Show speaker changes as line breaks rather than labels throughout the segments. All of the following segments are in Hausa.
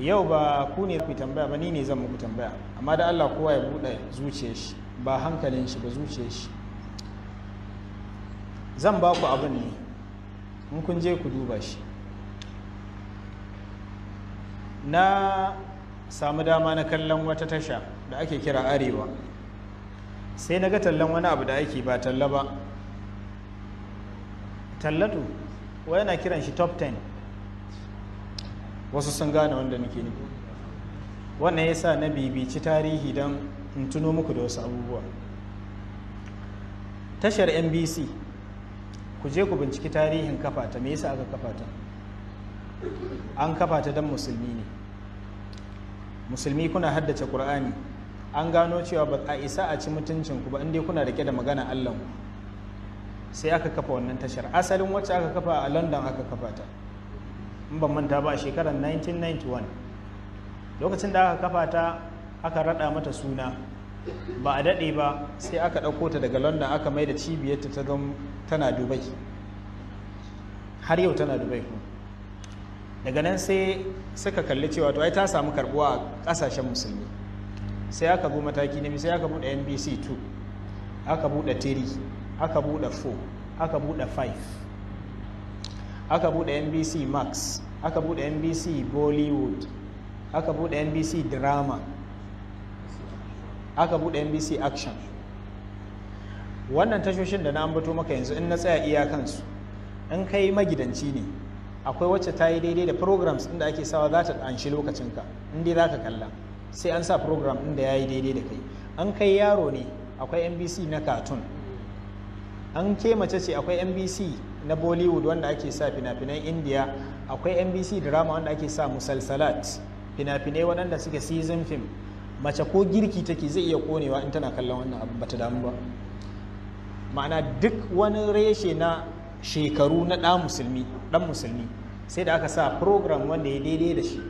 yau ba ku ne ku tambaya ba ni ne zan muku tambaya amma da Allah kowa ya buɗe zuciyar shi ba hankalin shi ba zuciyar shi zan ba ku abin ne in kun je ku duba shi na samu dama na kallon wata tasha da ake kira arewa sai na ga tallan wani abu da ake ba talla ba tallatu wa yana kiran shi top 10 wasu sun gane wanda nake nufi wannan ya sa na bibici tarihi don in tuno muku da wasu abubuwa tashar nbc ku je ku binciki tarihin kafata me yasa aka kafata an kafata don musulmi ne musulmi kuna haddace Kur'ani, an gano cewa ba a isa a ci mutuncinku ba inda kuna rike da magana allanku sai aka kafa wannan tashar asalin wacce aka kafa a london aka kafa ta in ban manta ba a shekarar 1991 lokacin da aka kafa ta aka rada mata suna ba a daɗe ba sai aka ɗauko ta daga london aka mai da cibiyarta ta zama tana dubai har yau tana dubai daga nan sai suka kalli cewa to ai ta samu karbuwa a ƙasashen musulmi sai aka bu mataki na sai aka buɗe nbc 2 aka buɗe 3 aka buɗe 4 aka buɗe 5 aka bude nbc max aka bude nbc bollywood aka bude nbc drama aka bude nbc action wannan tashoshin da na ambato maka yanzu in na tsaya iyakansu in kai magidanci ne akwai wacce ta yi daidai da programs inda ake sawa za ta ɗanshi lokacinka inda za ka kalla sai an sa program inda ya yi daidai da kai an kai yaro ne akwai nbc na cartoon an ke mace ce akwai nbc na bollywood wanda ake sa fina-finan india akwai nbc drama wanda ake sa musalsalat fina-finai waɗanda suke season film mace ko girki take zai iya konewa in tana kallon wannan abu bata damu ba ma'ana duk wani reshe na shekaru na ɗan musulmi ɗan musulmi sai da aka sa program wanda ya daidai da shi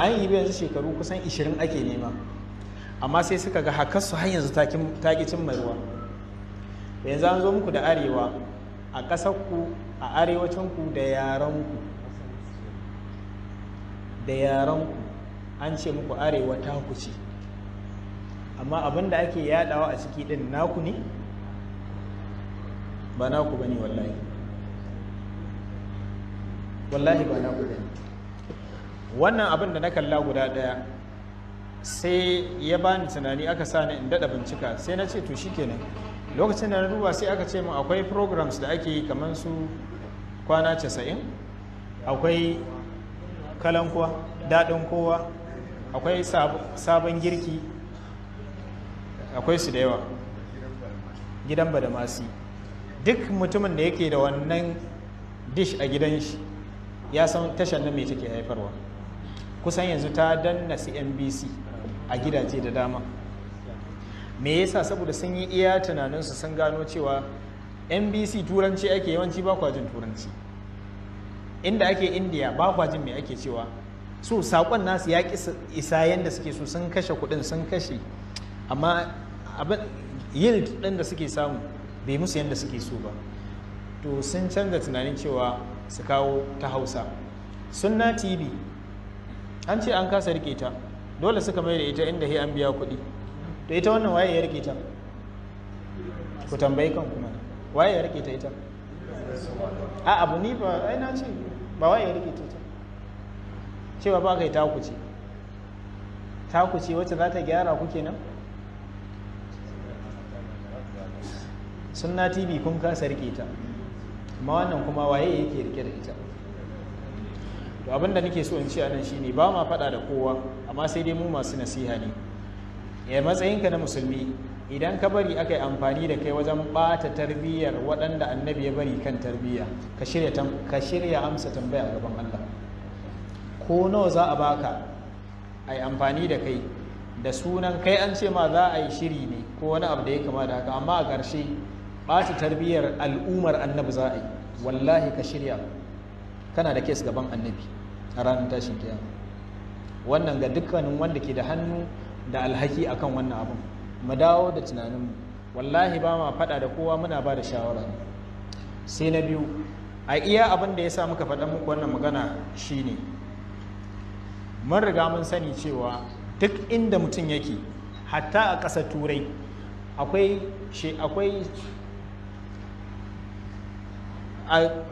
an yi yanzu shekaru kusan 20 ake nema amma sai suka ga haka su har yanzu takin mai ruwa yanzu an zo muku da arewa a ƙasarku a arewacinku da yaranku da yaranku an ce muku arewa ta ce amma abin da ake yadawa a ciki din naku ne ba naku ba wallahi wallahi ba naku bane wannan abin da na kalla guda daya sai ya bani tunani aka sa ni in daɗa bincika sai na ce to shikenan kenan lokacin da na duba sai aka ce min akwai programs da ake yi kamar su kwana 90 akwai kalan kowa daɗin kowa akwai sabon girki akwai su da yawa gidan ba da badamasi duk mutumin da yake da wannan dish a gidan shi ya san tashar na mai take haifarwa kusan yanzu ta danna cnbc a gidaje da dama me yasa saboda sun yi iya tunaninsu sun gano cewa nbc turanci ake yawanci ba kwajin turanci inda ake indiya ba kwajin me ake cewa so sakon nasu ya isa yadda suke so sun kashe kuɗin sun kashe amma abin yield ɗin da suke samu bai musu yadda suke so ba to sun canza tunanin cewa su kawo ta hausa sunna tv an ce an kasa rike ta dole suka mai da ita inda he an biya kuɗi to ita wannan waye ya rike ta ku tambayi kan kuma waye ya rike ta ita a abu ni ba ai na ce ba waye ya rike ta ita cewa ba kai ta kuce ta kuce wacce za ta gyara ku kenan sunna tv kun kasa rike ta amma wannan kuma waye yake rike da ita to abinda nake so in ce anan shine ba ma faɗa da kowa amma sai dai mu masu nasiha ne ya eh, matsayinka na musulmi idan ka bari aka yi amfani da kai wajen ɓata tarbiyyar waɗanda annabi ya bari kan tarbiyya ka shirya amsa tambaya gaban Allah ko nawa za a baka a yi amfani da kai da sunan kai an ce ma za a yi shiri ne ko wani abu da ya kama da haka amma a ƙarshe ɓata tarbiyyar al'ummar annabi za a yi wallahi ka shirya kana da kes gaban annabi a ranar tashin kiyama wannan ga dukkanin wanda ke da hannu da alhaki a kan wannan abin mu dawo da tunaninmu wallahi ba ma faɗa da kowa muna ba da shawara sai na biyu a iya abin da ya sa muka faɗa muku wannan magana shine mun riga mun sani cewa duk inda mutum yake hatta a ƙasa turai akwai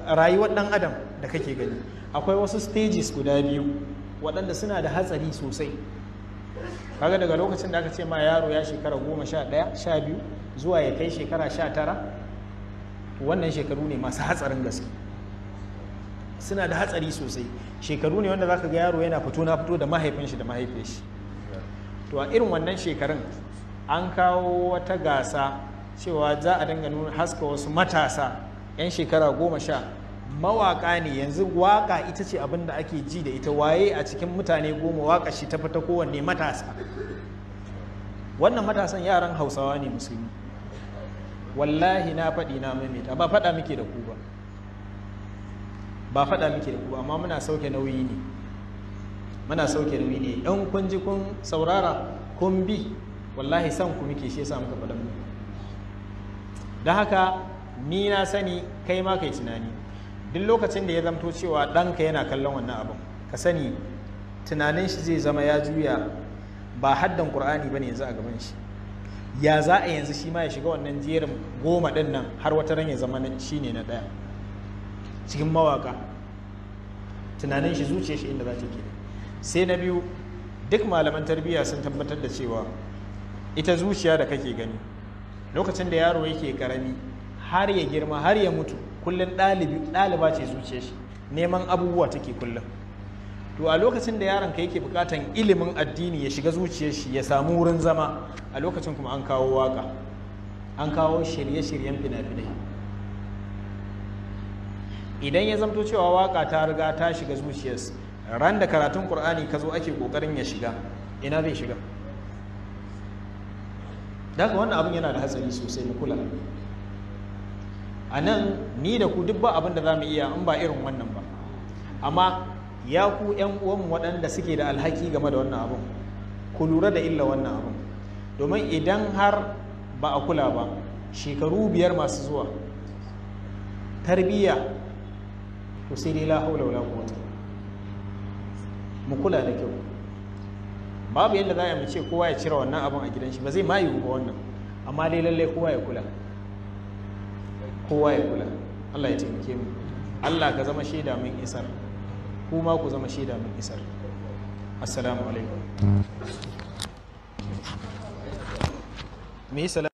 rayuwar ɗan adam da kake gani akwai wasu stages guda biyu waɗanda suna da hatsari sosai kaga daga lokacin da aka ce ma yaro ya shekara goma sha ɗaya sha biyu zuwa ya kai shekara sha tara wannan shekaru ne masu hatsarin gaske suna da hatsari sosai shekaru ne wanda za ka ga yaro yana fito na fito da mahaifin shi da mahaifin shi to a irin wannan shekarun an kawo wata gasa cewa za a dinga nuna haska wasu matasa 'yan shekara goma sha mawaka ne yanzu waka ita ce abin da ake ji da ita waye a cikin mutane goma waka shi ta fata kowanne matasa wannan matasan yaran hausawa ne musulmi wallahi na faɗi na maimaita ba faɗa muke da ku ba ba faɗa muke da ku ba amma muna sauke nauyi ne muna sauke nauyi ne ɗan kun ji kun saurara kun bi wallahi san ku muke shi ya sa muka faɗa muku don haka ni na sani kai ma kai tunani duk lokacin da ya zamto cewa ɗanka yana kallon wannan abin ka sani tunanin shi zai zama ya juya ba haddan ƙur'ani ba ne yanzu a gaban shi ya za a yanzu shi ma ya shiga wannan jerin goma ɗin nan har wata ran ya zama shi ne na ɗaya cikin mawaka tunanin shi zuciya shi inda za ta ke sai na biyu duk malaman tarbiyya sun tabbatar da cewa ita zuciya da kake gani lokacin da yaro yake karami har ya girma har ya mutu kullum ɗaliba ce zuce shi neman abubuwa take kullum to a lokacin da yaron ka yake bukatan ilimin addini ya shiga zuciyar shi ya samu wurin zama a lokacin kuma an kawo waka an kawo shirye-shiryen fina-finai idan ya zamto cewa waka ta riga ta shiga su, ran da karatun qur'ani ka zo ake kokarin ya shiga ina zai shiga daga wannan abin yana da hatsari sosai mu kula a nan ni da ku duk ba abin da za mu iya in ba irin wannan ba amma ya ku yan uwanmu waɗanda suke da alhaki game da wannan abin ku lura da illa wannan abin domin idan har ba a kula ba shekaru biyar masu zuwa tarbiyya Ku sai dai la haula wala wata, mu kula da kyau babu yadda za a ce kowa ya cire wannan abin a gidan shi ba zai ma yiwu wannan amma dai lallai kowa ya kula kowa ya kula Allah ya taimake mu Allah ka zama shaida mun isar kuma ku zama shaida mun isar assalamu alaikum